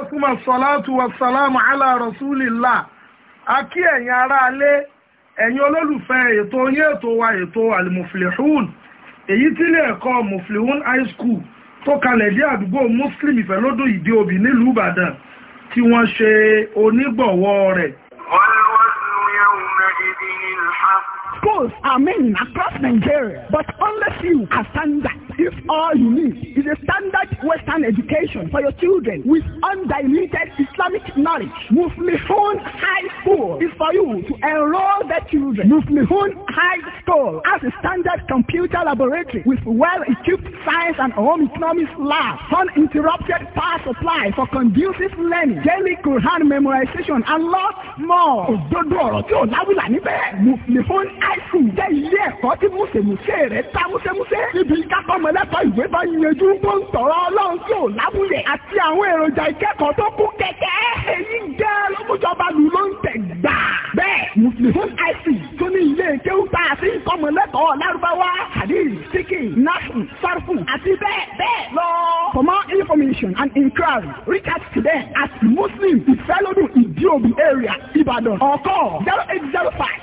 asúmọ̀ sọ́látù wasalamu ala rasulillah akí ẹ̀yin aráalé ẹ̀yin olólùfẹ́ ètò yín ètò wa ètò alimuflihun èyí tí ilé ẹ̀kọ́ muflihun high school tó kalẹ̀ dé àdúgbò muslim ìfẹ́lódò ìdí òbí nílùú ìbàdàn tí wọ́n ṣe onígbọ̀wọ́ rẹ̀. Schools are many across Nigeria, but only few are standard. If all you need is a standard Western education for your children with undiluted Islamic knowledge. Muflihun High School is for you to enroll the children. Muflihun High School has a standard computer laboratory with well-equipped science and home economics labs, uninterrupted power supply for conducive learning, daily Quran memorization, and lots more. Muflihun High School ẹ̀kọ́ tí múṣèmúṣe rẹ̀ ta múṣẹ́múṣẹ́ níbi kákọ́mọlẹ́tọ̀ ìwé bá yanjú tó ń tọ̀rọ̀ ọlọ́run tí lábúlẹ̀ àti àwọn èròjà ìkẹ́kọ̀ọ́ tó kún kẹ̀kẹ́ èyí jẹ́ lọ́mújọba lù ló ń tẹ̀ gbà. bẹ́ẹ̀ muslim ic tó ní ilé kéwú tá a fi kọ́mọlẹ́tọ̀ lárúbáwá hadith siki nafu sarfu àti bẹ́ẹ̀ bẹ́ẹ̀ lọ. for more information and inquiry reach out to them at muslim ifelodun idiobi area ibadan or call zero eight zero five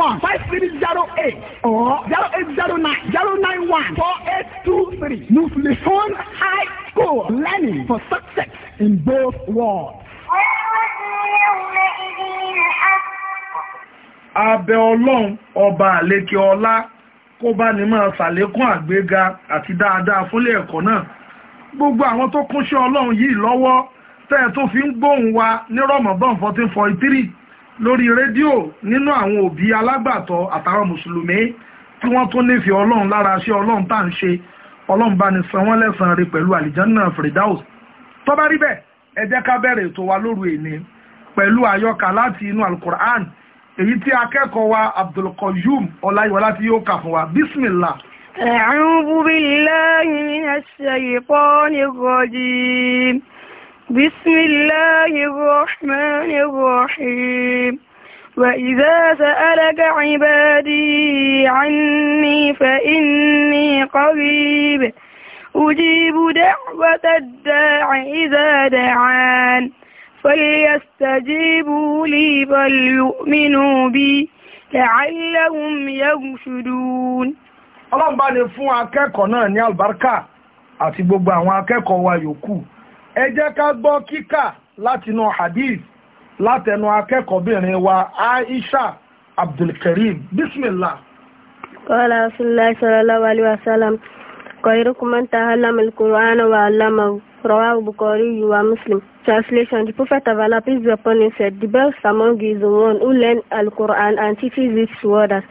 one five three zero eight or zero eight zero nine zero nine one four eight two three. Nuflihon High School learning for success in both worlds. Abẹ Ọlọ́run ọba àlékè ọlá kó bá ní máa ṣàlékún àgbéga àti dáadáa fúnlé ẹ̀kọ́ náà. Gbogbo àwọn tó kúnṣẹ́ Ọlọ́run yìí lọ́wọ́ tẹ́ ẹ tó fi ń gbóhùn wa ní Rọ̀mọ̀dán fourteen forty three lórí rédíò nínú àwọn òbí alágbàtọ́ àtàwọn mùsùlùmí tí wọ́n tún nífẹ̀ẹ́ ọlọ́run lára ṣé ọlọ́run tá à ń ṣe ọlọ́run bá ní san wọ́n lẹ́sàn-án rí pẹ̀lú àlìjánná Firdaus tó bá rí bẹ́ẹ̀ ẹ jẹ́ ká bẹ̀rẹ̀ ètò wa lóru èní pẹ̀lú àyọkà láti inú alukur'an èyí tí akẹ́kọ̀ọ́ wa Abdulqayyum ọláyíwọlá tí yóò kà fún wa bismillah. أعوذ بالله من الشيطان الرجيم بسم الله الرحمن الرحيم وإذا سألك عبادي عني فإني قريب أجيب دعوة الداع إذا دعان فليستجيبوا لي فليؤمنوا بي لعلهم يرشدون ọlọ́run bá fún akẹ́kọ̀ọ́ náà ní àlùbáríkà àti gbogbo àwọn akẹ́kọ̀ọ́ wa yòókù ẹ jẹ́ ká gbọ́ kíkà látinú hadith látẹnu akẹ́kọ̀ọ́bìnrin wa aisha abdulkarim bismillah. qala rasulullah sallallahu alaihi wasallam khairukum man ta'allama al-Qur'ana wa 'allamahu rawahu bukhari wa muslim. Translation The Prophet of Allah, peace be upon him, said, The best among you is the one who learns al and teaches it to others.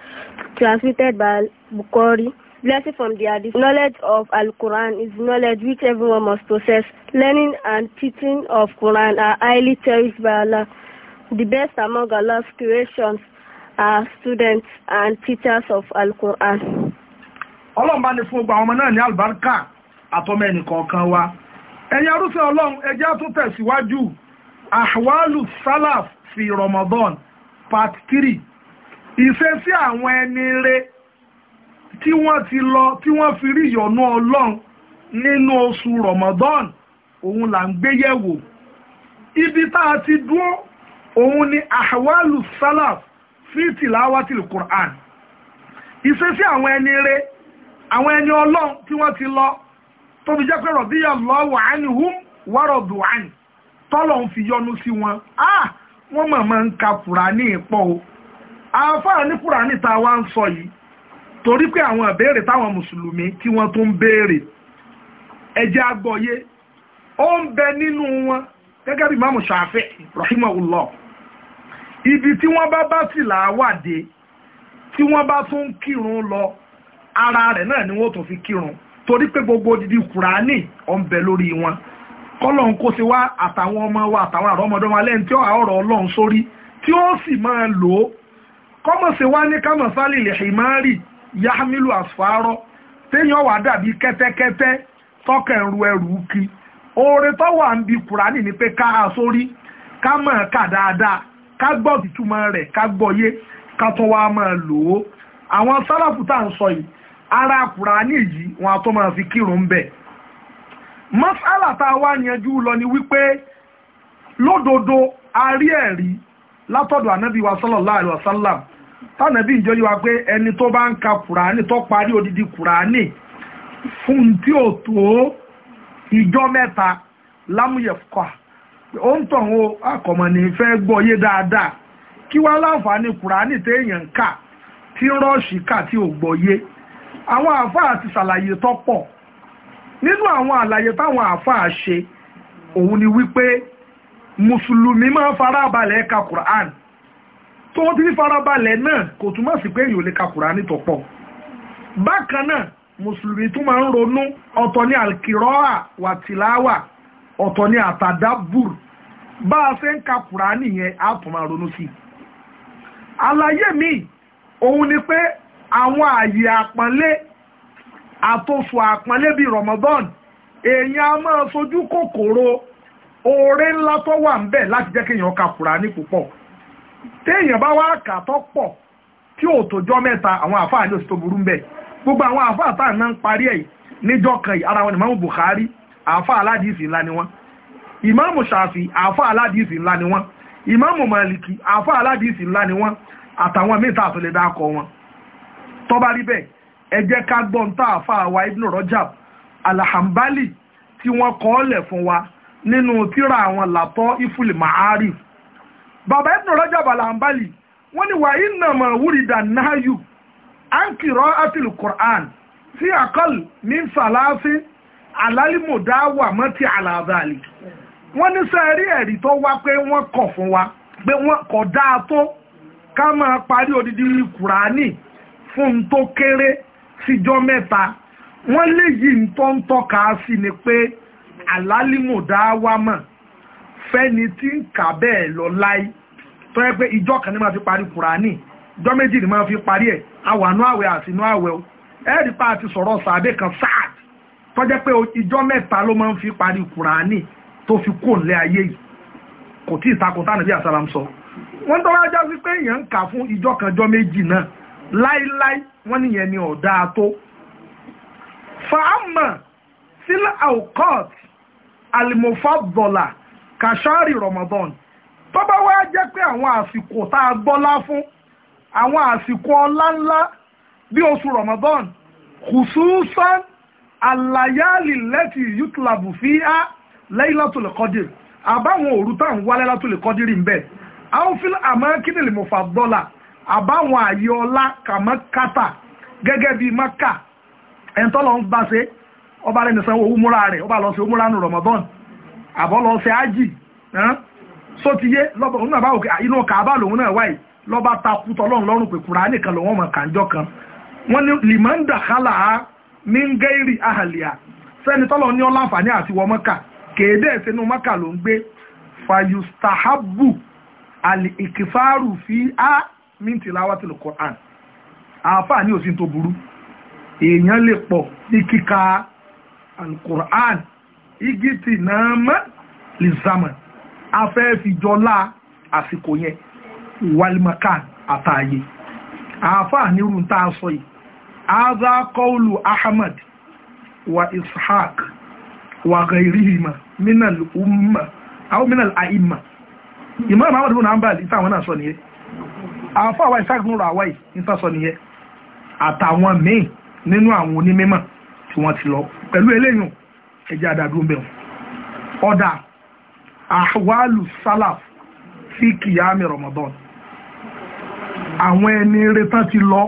by Bukhari. Blessing from the Hadith. Knowledge of Al-Quran is knowledge which everyone must possess. Learning and teaching of Quran are highly cherished by Allah. The best among Allah's creations are students and teachers of Al-Quran. Ọlọ́run bá ní fún gbogbo àwọn ọmọ náà ní àlùbáríkà àtọmọ ẹnì kọ̀ọ̀kan wa. Ẹ̀yin arúfẹ́ Ọlọ́run ẹjẹ́ tó tẹ̀síwájú Ahwalu Salaf fi Ramadan part 3. Ìṣesí àwọn ẹni rẹ̀ tí wọ́n ti lọ tí wọ́n fi rí ìyọ́nú ọlọ́run nínú oṣù Ramadan òun là ń gbé yẹ̀wò ibi tá a ti dúró òun ni ahwalu salaf fi tìláwátì Qur'an ìṣesí àwọn ẹni rẹ àwọn ẹni ọlọ́run tí wọ́n ti lọ tóbi jẹ́ pé rọ̀bíyà lọ́wọ́ àánihùn wárọ̀dù àánì tọ́lọ̀ ń fi yọnu sí wọn ah wọ́n mọ̀ máa ń ka Kùránì pọ̀ o àáfàá ní Kùránì tá a wá ń sọ yìí torí pé àwọn ìbéèrè táwọn mùsùlùmí tí wọ́n tún ń béèrè ẹjẹ́ agbọ́yé ó ń bẹ nínú wọn gẹ́gẹ́ bí mamu ṣàfẹ́ rahimahullah ibi tí wọ́n bá bá sì làwàdé tí wọ́n bá tún kírun lọ ara rẹ̀ náà ni wọ́n tún fi kírun torí pé gbogbo odidi kùránì ó ń bẹ lórí wọn kọ́lọ́n kó sí wá àtàwọn ọmọ wa àtàwọn àrọ́mọdọ́mọ alẹ́ tí ó àọ̀rọ̀ ọlọ́run sórí tí ó sì máa lò ó kọ́mọ̀ wá ní kámọ̀ lè ṣì máa rì yahamilu asfaro téèyàn wà dàbí kẹ́tẹ́kẹ́tẹ́ tọ́kẹ̀ ń ru ẹrù kí oore tó wà ń bi kùránì ni pé ká a sórí ká mọ̀ ká dáadáa ká gbọ́ ìtumọ̀ rẹ̀ ká gbọ́yé ká tó wá máa lò ó àwọn sálàfù tá ara kùránì yìí wọn àtọ́ máa fi kírun ń bẹ̀. mọ́sálà tá a wá ni wípé lódodo a rí ẹ̀rí látọ̀dọ̀ wa sallallahu alaihi wasallam tánàbí ìjọ yìí wá pé ẹni tó bá ń ka kùránì tó parí odidi kùránì fún tí ò tó ìjọ mẹ́ta lámúyẹ̀fọ́kọ́ ó ń tàn ó àkọ̀mọ̀nì fẹ́ gbọ́yé dáadáa kí wá láǹfààní kùránì téèyàn ń kà tí rọ́ọ̀ṣì kà tí ò gbọ́yé àwọn àáfàá ti ṣàlàyé tọ́pọ̀ nínú àwọn àlàyé táwọn àáfàá ṣe òun ni wípé mùsùlùmí máa ń farabalẹ̀ ka kùránì tó wọ́n ti ní farabalẹ̀ náà kò túmọ̀ sí pé èyàn ò lè ka Kùránì tó bákan náà mùsùlùmí tún máa ń ronú ọ̀tọ̀ ní alkiroa wàtíláwà ọ̀tọ̀ ní àtàdábùr bá a fẹ́ ń ka Kùránì yẹn á tún máa ronú sí i àlàyé mi òun ni pé àwọn ààyè àpọ́nlé àtòfò àpọ́nlé bíi Ramadan èèyàn a máa sojú kòkòrò oore ńlá tó wà ń bẹ̀ láti jẹ́ kéèyàn ka Kùránì púpọ̀ téèyàn bá wá kà tó pọ̀ tí ò tójọ́ mẹ́ta àwọn àfáà ní oṣù tó burú ń bẹ̀ gbogbo àwọn àfáà tá à ń parí ẹ̀ níjọ́ kan yìí ara wọn ni Imam Bukhari àfáà aládìsí ńlá ni wọ́n Imam Shafi àfáà aládìsí ńlá ni wọ́n Imam Maliki àfáà aládìsí ńlá ni wọ́n àtàwọn mẹ́ta àtúnlẹ̀ dákọ̀ wọn tó bá rí bẹ́ẹ̀ ẹ jẹ́ ká gbọ́n tá àfáà wa Ibn Rajab Al-Hanbali tí wọ́n kọ́ lẹ̀ fún wa nínú tírà àwọn làtọ́ iful ma'arif baba edinburgh jabala ambali wọn ni wa ịna ma ọwụrịda naayu a n kìrọ ati al si a kọlu min sallaasi ala limodaawa ma ti ala azali wọn sari eri to wa pe wọn kọ funwa pe wọn kọ daa to ka ma pari odidi riri fun n to kere sijo mẹta wọn le yi n to pe toka asi ma. fẹ́ni tí ń kà bẹ́ẹ̀ lọ láì tó yẹ pé ìjọ kan ní máa fi parí kùránì ìjọ méjì ní máa fi parí ẹ̀ àwànú àwẹ̀ àti inú àwẹ̀ o ẹ̀ẹ́dì pa àti sọ̀rọ̀ sàbẹ̀ kan sáàt tó jẹ́ pé ìjọ mẹ́ta ló máa ń fi parí kùránì tó fi kó ńlẹ̀ ayé yìí kò tí ìtakùn tánà bí àsálàm sọ wọ́n tó wá já sí pé èèyàn ń kà fún ìjọ kan jọ méjì náà láíláí wọ́n nìyẹn ni ọ̀dà tó fàámà sílẹ̀ àwòkọ́t àlìmọ̀fà bọ̀là kàṣárì Ramadan tó bá wá jẹ́ pé àwọn àsìkò tá a gbọ́lá fún àwọn àsìkò ọlá bí oṣù Ramadan khususan alayali leti yútùlàbù fi á Laylatul Qadr àbáwọn òru tá à ń wá Laylatul Qadr ń bẹ̀ àwọfíl àmọ́kínìlì mọ̀fàdọ́là àbáwọn àyè ọlá kàmọ́kátà gẹ́gẹ́ bíi Mákà ẹ̀ńtọ́ lọ ń bá ṣe ọba rẹ̀ nìsan owó múra rẹ̀ ọba lọ sí múra nù Ramadan àbọ́lọ́sẹ̀ ájì so ti yé lọ́bọ̀ òun náà bá òkè inú kàábà náà wáyé lọ́ba takú tọ́lọ́run lọ́rùn pé kùránì kan kàńjọ́ kan wọ́n ní limanda khala ní ngẹ́rì ahàlìyà sẹ́ni tọ́lọ́ ní ọlá àǹfààní àti wọ mọ́kà kéde mọ́kà ló ń gbé fayustahabu a tó burú al igiti náà mọ́ lè zàmà afẹ́ fìjọlá àsìkò yẹn walimakan àtàyè àáfàá nírun tá sọ yìí aza kọ́ọ̀lù ahmad wa ishaq wa gairima minal umma aw minal aima imam ahmad bin hanbal ìta àwọn náà sọ nìyẹn àáfàá wa ishaq nura hawaii ìta sọ nìyẹn àtàwọn míì nínú àwọn onímọ̀ tí wọ́n ti lọ pẹ̀lú eléyìí ẹjẹ́ àdàdúró bẹ̀rù ọ̀dà àwálù sálàf sí kìyàmì Ramadan àwọn ẹni retán ti lọ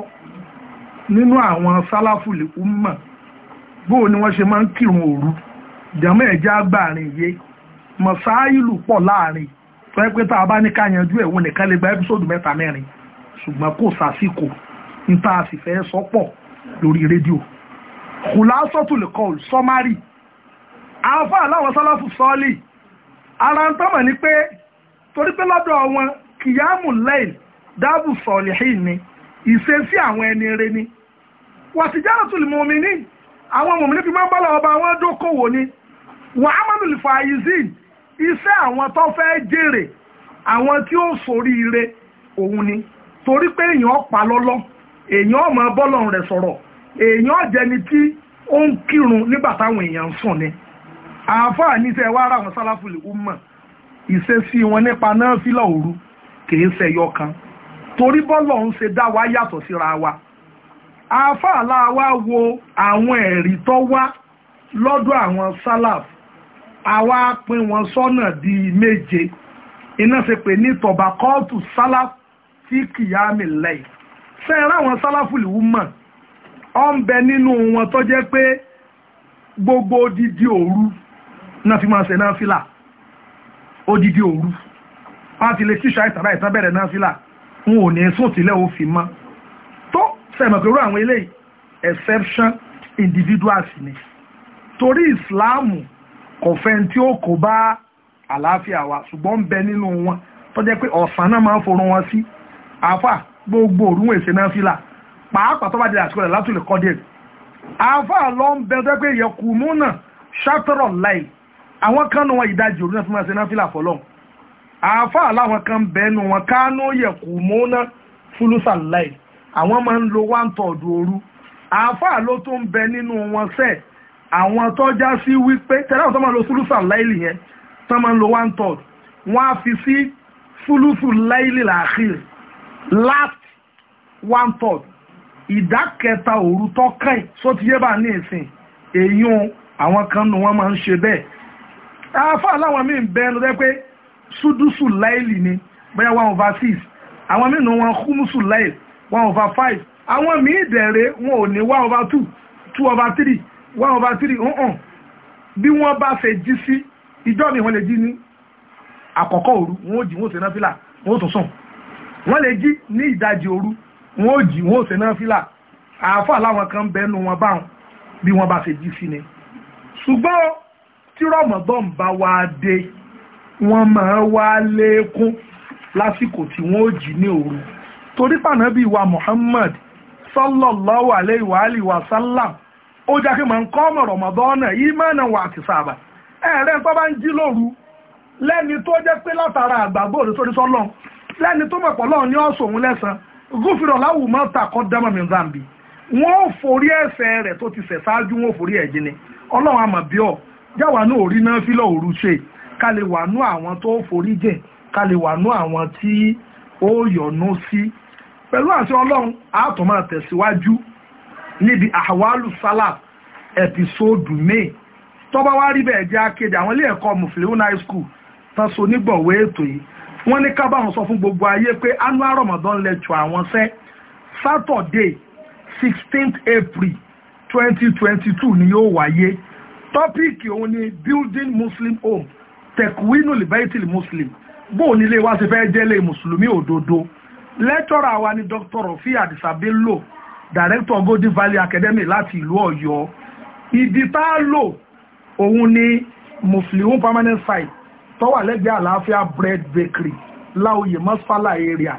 nínú àwọn sálàfù lè kú mọ̀ bóò ni wọ́n ṣe máa ń kírun òru jàmọ́ ẹ̀jẹ̀ agbáàrin yé mọ̀sáìlù pọ̀ láàrin tó yẹ pé tá a bá ní ká yanjú ẹ̀wọ̀n nìkan lè gba ẹ́písòdù mẹ́ta mẹ́rin ṣùgbọ́n kò sásìkò níta àsìfẹ́ sọ́pọ̀ lórí rédíò kùlásọ́tù lè kọ́ sọ́márì àáfà aláwọ̀ sálọ́fù sọ́ọ̀lì ara ń tọ́mọ̀ ní pé torí pé lọ́dọ̀ wọn kìyàmù lẹ́yìn dáàbù sọ̀ọ̀lì hìn ni ìṣesí àwọn ẹni rẹ ni wàtíjára tó lè mọ omi ní àwọn mọ̀mìnì fi máa ń bá wọn dókòwò ni wọ́n á mọ̀nù lìfà ìzìn iṣẹ́ àwọn tó fẹ́ jèrè àwọn tí ó sórí ire òun ni torí pé èèyàn pa lọ́lọ́ èèyàn ọmọ bọ́lọ̀ rẹ̀ sọ̀rọ̀ èèyàn jẹni tí ó ń kírun nígbà táwọn èèyàn ń sùn ni àáfàá níṣẹ́ wá ra àwọn sálàfùlì umma ìṣesí wọn nípa náà fílà òru kìí ṣẹyọ kan torí bọ́lọ̀ ń ṣe dá wa yàtọ̀ síra wa àáfàá láwa wo àwọn ẹ̀rí tó wá lọ́dọ̀ àwọn sálàf àwa pín wọn sọ́nà di méje iná ṣe pè ní tọ̀bà kóòtù sálàf tí kìyàmì lẹ́yìn sẹ́yìn ráwọn sálàfùlì umma ọ̀ ń bẹ nínú wọn tó jẹ́ pé gbogbo odidi òru náà fi máa ṣe náà fìlà odidi òru wọ́n ti lè tíṣà ìtàrà ìtàn bẹ̀rẹ̀ náà fìlà n ò ní sùn tílẹ̀ ó fi mọ́ tó sẹ̀mọ̀ pẹ̀lú àwọn eléyìí exception individuals ni torí ìsìláàmù kò fẹ́ tí ó kò bá àlàáfíà wa ṣùgbọ́n ń bẹ nínú wọn tó jẹ́ pé ọ̀sán náà máa ń forun wọn sí àáfà gbogbo òru wọn èsè náà fìlà pàápàá tó bá di àsìkò rẹ̀ látòlè kọ́ díẹ̀ àáfà lọ ń bẹ tó jẹ́ pé yẹkùmú náà ṣàtọ̀rọ̀ láì àwọn kan nu wọn ìdajì òru náà fi máa ṣe náfìlà fọlọ́n àáfàá láwọn kan bẹ́ẹ̀ nu wọn kánú yẹ̀kù mọ́ná fúlùsà láì àwọn máa ń lo one third òru àáfàá ló tó ń bẹ nínú wọn sẹ́ àwọn tó sí wípé tẹ́lẹ̀ àwọn tó máa lo fúlùsà láìlì yẹn tó máa ń lo one third á fi sí fúlùsù láìlì làákìrì last one third ìdá kẹta òru tó kàn sótìyébà ní ìsìn èyí àwọn kan nu wọn máa ń ṣe bẹ́ẹ̀ àáfà láwọn míì bẹ́ẹ̀ ló dẹ́ pé ṣúdúṣù láìlì ni bóyá one over six àwọn míì nù wọn kúmùsù láìlì one over five àwọn míì dẹ̀rẹ̀ wọn ò ní one over two two over three one over three hàn bí wọ́n bá fẹ́ jí sí ìjọ́ mi wọ́n lè jí ní àkọ́kọ́ òru wọ́n ó jí wọ́n ó ṣe náfìlà wọ́n ó tún sùn wọ́n lè jí ní ìdajì òru wọ́n ó jí wọ́n ó ṣe náfìlà àáfà láwọn kan bẹ́ẹ̀ nù wọn báwọn bí wọ́n bá fẹ́ jí sí ni ṣùgbọ́n tí rọmọdọ́n bá wá dé wọ́n máa wá l'ẹkún lásìkò tí wọ́n ó jí ní òru torí pànábì wa Muhammad sallallahu alayhi wa alihi wa sallam ó jẹ́ kí máa ń kọ́ ọmọ rọmọdọ́nà yìí máa náà wà àti sábà ẹ̀rẹ́ tó bá ń jí lóru lẹ́ni tó jẹ́ pé látara àgbàgbọ́ òde sórí lẹ́ni tó mọ̀pọ̀ ní ọ̀sùn òun lẹ́sàn mi zambi ò forí rẹ̀ tó ti ṣẹ̀ ṣáájú wọn ò forí ẹ̀jẹ̀ ni ọlọ́run àmàbíọ́ jáwa náà orí náà fílọ̀ òru ṣe ká lè wà nú àwọn tó forí jẹ ká lè wà nú àwọn tí ó yọ̀nú sí pẹ̀lú àṣẹ ọlọ́run àátọ́ máa tẹ̀síwájú níbi àwálù sálà ẹ̀pìsódù may tọ́ba wá rí bẹ́ẹ̀ jẹ́ akéde àwọn ilé ẹ̀kọ́ mufiliu high school tán so nígbọ̀wé ètò yìí wọ́n ní ká báwọn sọ fún gbogbo ayé pé annual Ramadan lecture àwọn sẹ́ Saturday sixteenth April twenty twenty two ni yóò wáyé Topic òun ni building muslim home tekwinu libaitil muslim bóun nílé wa ṣe fẹ́ jẹ́lé mùsùlùmí òdodo lẹ́tọ́rà wa ni dr ofi adisabello director golden valley academy láti ìlú ọ̀yọ́ ibi tá a lò òun ni muslim permanent site tọ́wà lẹ́gbẹ̀ẹ́ àlàáfíà bread bakery láòyè masfala area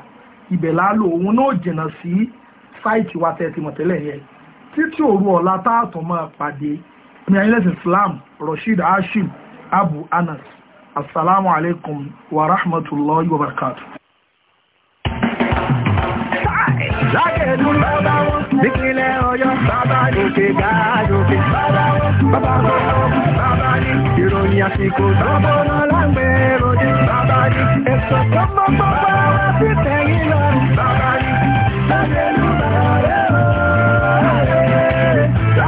ibẹ̀ láàlò òun náà jìnnà sí sáìtì wa tẹ̀símọ̀tẹ́lẹ̀ yẹn títí òru ọ̀la táàtọ̀ máa pàdé ní ayélujára islam rasheed Ashim, abu anas assalamu alaikum wa rahmatullahi wa barakatu. lágẹ̀dùn bàbá